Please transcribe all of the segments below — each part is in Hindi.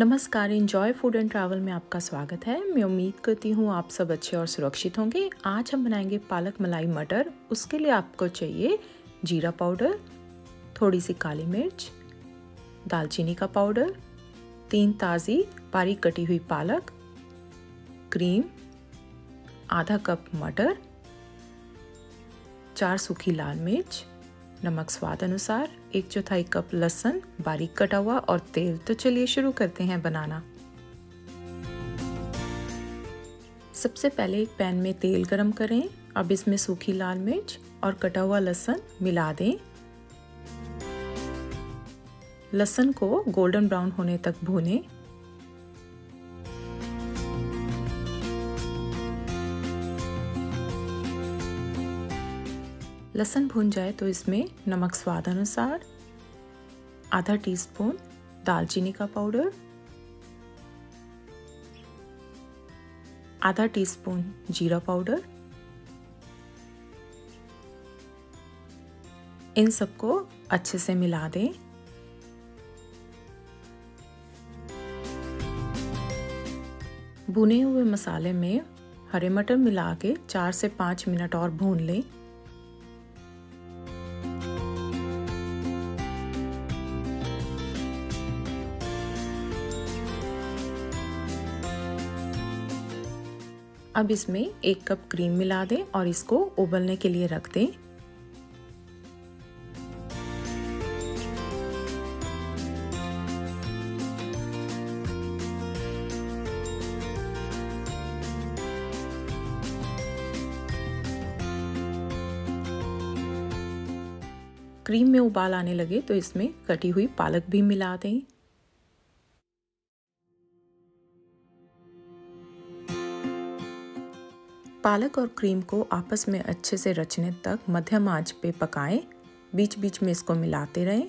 नमस्कार इन्जॉय फूड एंड ट्रैवल में आपका स्वागत है मैं उम्मीद करती हूँ आप सब अच्छे और सुरक्षित होंगे आज हम बनाएंगे पालक मलाई मटर उसके लिए आपको चाहिए जीरा पाउडर थोड़ी सी काली मिर्च दालचीनी का पाउडर तीन ताज़ी बारीक कटी हुई पालक क्रीम आधा कप मटर चार सूखी लाल मिर्च नमक स्वाद अनुसार एक चौथाई कप लहसुन बारीक कटा हुआ और तेल तो चलिए शुरू करते हैं बनाना सबसे पहले एक पैन में तेल गरम करें अब इसमें सूखी लाल मिर्च और कटा हुआ लहसुन मिला दें लहसुन को गोल्डन ब्राउन होने तक भूनें लहसन भून जाए तो इसमें नमक स्वाद अनुसार आधा टीस्पून दालचीनी का पाउडर आधा टीस्पून जीरा पाउडर इन सबको अच्छे से मिला दें भुने हुए मसाले में हरे मटर मिला के चार से पाँच मिनट और भून लें अब इसमें एक कप क्रीम मिला दें और इसको उबलने के लिए रख दें क्रीम में उबाल आने लगे तो इसमें कटी हुई पालक भी मिला दें पालक और क्रीम को आपस में अच्छे से रचने तक मध्यम आंच पे पकाएं बीच बीच में इसको मिलाते रहें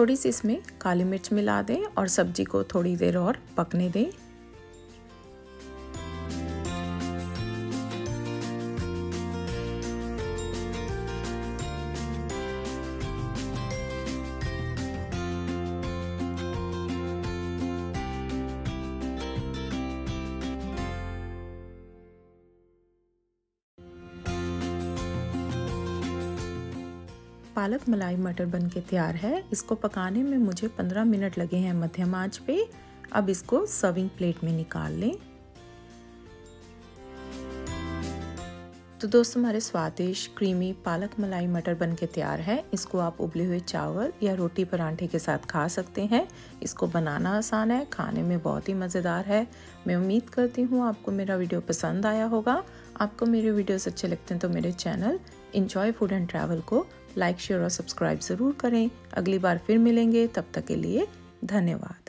थोड़ी सी इसमें काली मिर्च मिला दें और सब्जी को थोड़ी देर और पकने दें पालक मलाई मटर बन के तैयार है इसको पकाने में मुझे 15 मिनट लगे हैं मध्यम आंच पे अब इसको सर्विंग प्लेट में निकाल लें तो दोस्तों हमारे स्वादिष्ट क्रीमी पालक मलाई मटर बन के तैयार है इसको आप उबले हुए चावल या रोटी परांठे के साथ खा सकते हैं इसको बनाना आसान है खाने में बहुत ही मज़ेदार है मैं उम्मीद करती हूँ आपको मेरा वीडियो पसंद आया होगा आपको मेरे वीडियोस अच्छे लगते हैं तो मेरे channel enjoy food and travel को लाइक शेयर और सब्सक्राइब ज़रूर करें अगली बार फिर मिलेंगे तब तक के लिए धन्यवाद